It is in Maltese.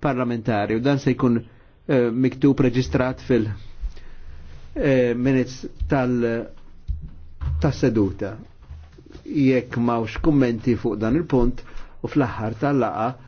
parlamentari u dan se jkun eh, miktub reġistrat fil eh, minutes tal tas-seduta. Jekk mawx kummenti fuq dan il-punt u fl-aħħar tal-laqa